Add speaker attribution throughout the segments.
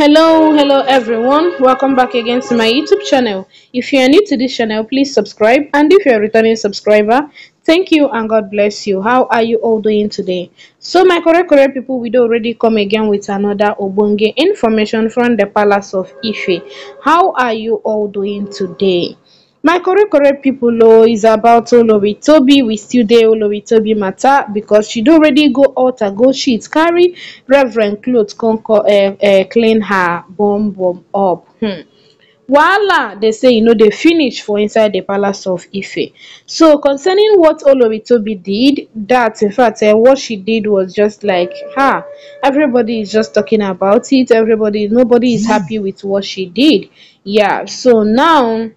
Speaker 1: hello hello everyone welcome back again to my youtube channel if you are new to this channel please subscribe and if you're a returning subscriber thank you and god bless you how are you all doing today so my correct correct people we do already come again with another obonge information from the palace of ife how are you all doing today my correct correct people, o is about olori we still there, olori matter because she don't already go out and go sheet carry reverend clothes, eh, come eh, clean her bum bum up hmm They say you know, they finish for inside the palace of ife so concerning what oloritobi did that in fact eh, what she did was just like ha everybody is just talking about it everybody nobody is hmm. happy with what she did yeah so now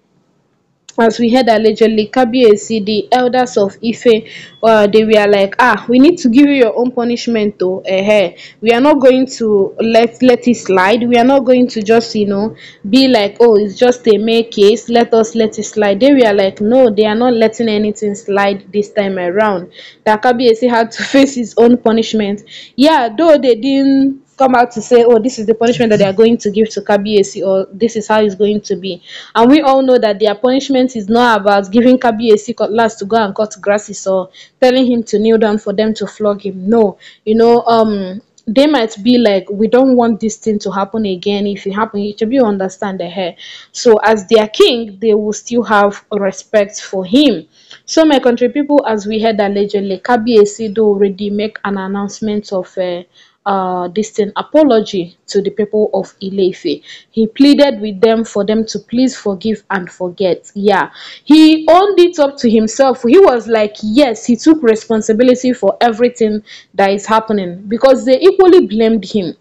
Speaker 1: as we heard allegedly kabiyesi the elders of ife uh, they were like ah we need to give you your own punishment though eh. we are not going to let let it slide we are not going to just you know be like oh it's just a may case let us let it slide they were like no they are not letting anything slide this time around that kabiyesi had to face his own punishment yeah though they didn't come out to say, oh, this is the punishment that they are going to give to KBAC or this is how it's going to be. And we all know that their punishment is not about giving KBAC cutlass to go and cut grasses or telling him to kneel down for them to flog him. No, you know, um, they might be like we don't want this thing to happen again if it happens, each should be understand the eh, eh. hair so as their king they will still have respect for him so my country people as we heard allegedly kbac do already make an announcement of uh, uh, distant apology to the people of Ilefe. He pleaded with them for them to please forgive and forget. Yeah, he owned it up to himself. He was like, yes, he took responsibility for everything that is happening because they equally blamed him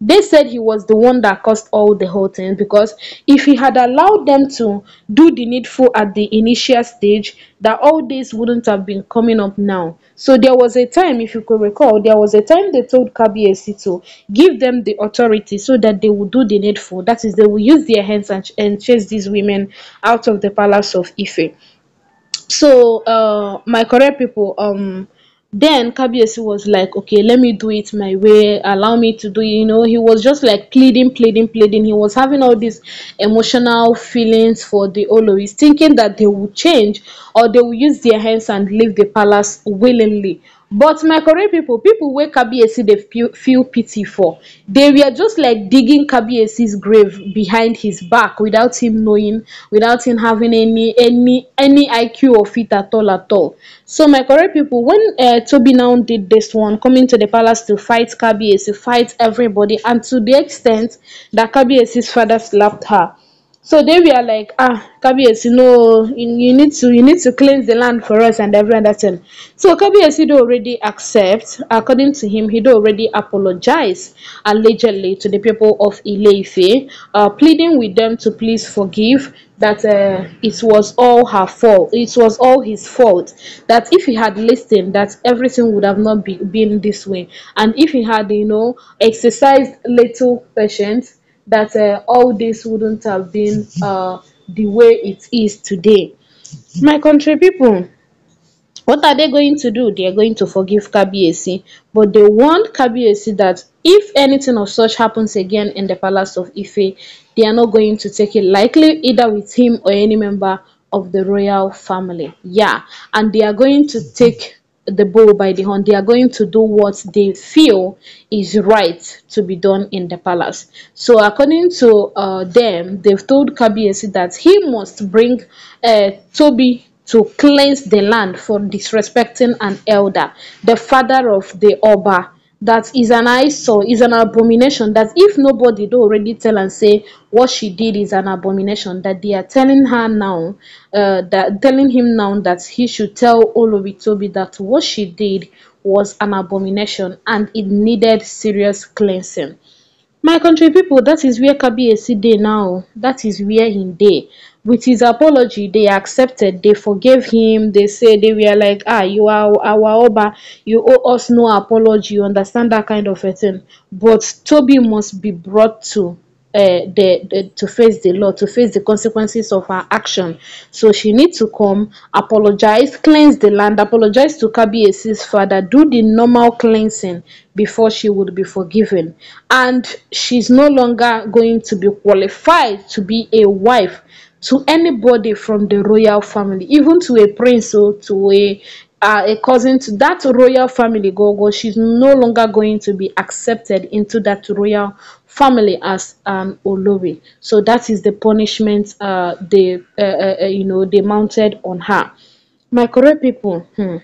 Speaker 1: they said he was the one that caused all the whole thing because if he had allowed them to do the needful at the initial stage that all this wouldn't have been coming up now so there was a time if you could recall there was a time they told kbac to give them the authority so that they would do the needful that is they will use their hands and, and chase these women out of the palace of ife so uh my correct people um then Kabiesi was like, okay, let me do it my way. Allow me to do, you know, he was just like pleading, pleading, pleading. He was having all these emotional feelings for the Olois, thinking that they would change or they will use their hands and leave the palace willingly but my correct people, people where kabiyesi they feel feel pity for They were just like digging kabiyesis grave behind his back without him knowing without him having any any any iq of it at all at all so my correct people, when uh, toby now did this one coming to the palace to fight kabiyesi fight everybody and to the extent that kabiyesis father slapped her so they were like, ah, Kabiyesi, no, you, you need to you need to cleanse the land for us and every other thing. So Kabiyesi do already accept. According to him, he do already apologize allegedly to the people of ile uh, pleading with them to please forgive that uh, it was all her fault. It was all his fault. That if he had listened, that everything would have not be, been this way. And if he had, you know, exercised little patience that uh, all this wouldn't have been uh, the way it is today. My country people, what are they going to do? They are going to forgive Kabiesi, but they warned Kabiesi that if anything of such happens again in the palace of Ife, they are not going to take it likely either with him or any member of the royal family. Yeah, and they are going to take the bull by the horn. They are going to do what they feel is right to be done in the palace. So according to uh, them, they've told Kabiesi that he must bring uh, Toby to cleanse the land for disrespecting an elder, the father of the Oba that is an eyesore, is an abomination. That if nobody do already tell and say what she did is an abomination, that they are telling her now, uh, that telling him now that he should tell Olobitobi that what she did was an abomination and it needed serious cleansing. My country people, that is where Kabi Esi day now. That is where he day with his apology they accepted they forgave him they say they were like ah you are our oba you owe us no apology you understand that kind of a thing but toby must be brought to uh, the, the to face the law to face the consequences of her action so she needs to come apologize cleanse the land apologize to kabiesi's father do the normal cleansing before she would be forgiven and she's no longer going to be qualified to be a wife to anybody from the royal family, even to a prince or to a uh, a cousin to that royal family gogo she's no longer going to be accepted into that royal family as an olori so that is the punishment uh they uh, uh, uh, you know they mounted on her my correct people hmm.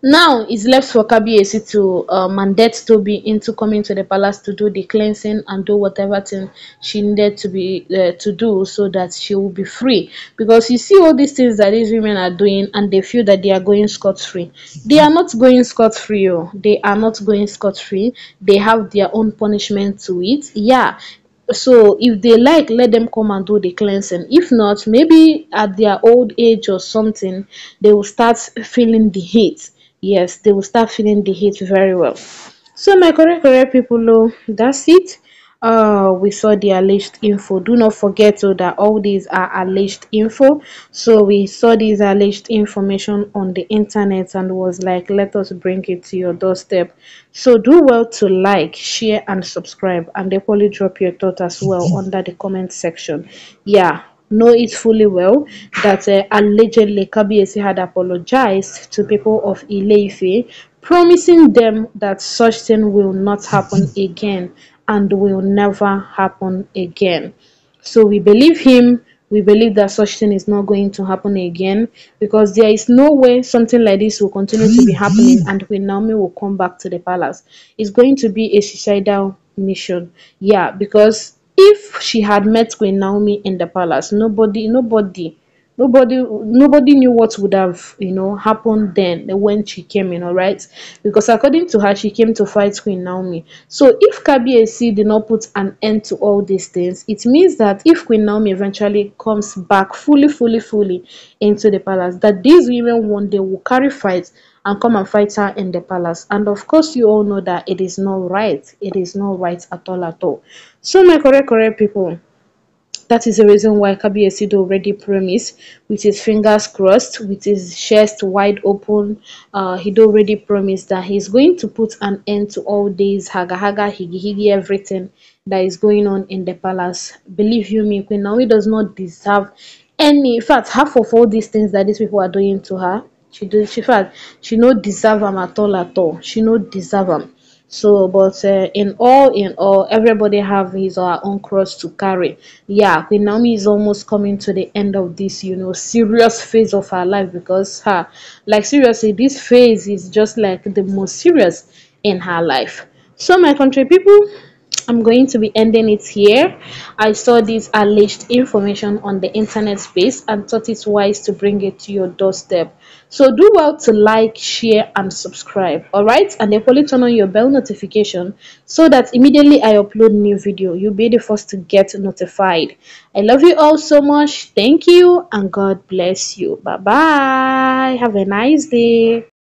Speaker 1: Now it's left for Kabiyesi to uh, mandate Toby into coming to the palace to do the cleansing and do whatever thing she needed to be uh, to do so that she will be free. Because you see all these things that these women are doing and they feel that they are going scot-free. They are not going scot-free. Oh. They are not going scot-free. They have their own punishment to it. Yeah, so if they like let them come and do the cleansing if not maybe at their old age or something they will start feeling the heat yes they will start feeling the heat very well so my correct correct people know that's it uh we saw the alleged info do not forget so that all these are alleged info so we saw these alleged information on the internet and was like let us bring it to your doorstep so do well to like share and subscribe and definitely drop your thought as well under the comment section yeah know it fully well that uh, allegedly Kabiyesi had apologized to people of Ileife, promising them that such thing will not happen again and will never happen again. So we believe him. We believe that such thing is not going to happen again because there is no way something like this will continue to be happening and when Naomi will come back to the palace. It's going to be a suicidal mission. Yeah, because if she had met Queen Naomi in the palace, nobody, nobody, nobody, nobody knew what would have, you know, happened then when she came in, all right? Because according to her, she came to fight Queen Naomi. So if KBAC did not put an end to all these things, it means that if Queen Naomi eventually comes back fully, fully, fully into the palace, that these women one day will carry fights and come and fight her in the palace. And of course, you all know that it is not right. It is not right at all at all. So my correct, correct people, that is the reason why Kabi Esido already promised, with his fingers crossed, with his chest wide open, uh, he'd already promised that he's going to put an end to all these haga haga, higi higi, everything that is going on in the palace. Believe you me, Queen Naomi does not deserve any. In fact, half of all these things that these people are doing to her, she do she felt she no deserve him at all at all she no deserve him. so but uh, in all in all everybody have his or her own cross to carry yeah queen naomi is almost coming to the end of this you know serious phase of her life because her like seriously this phase is just like the most serious in her life so my country people I'm going to be ending it here. I saw this alleged information on the internet space and thought it wise to bring it to your doorstep. So do well to like, share, and subscribe. Alright, and then probably turn on your bell notification so that immediately I upload new video, you'll be the first to get notified. I love you all so much. Thank you and God bless you. Bye bye. Have a nice day.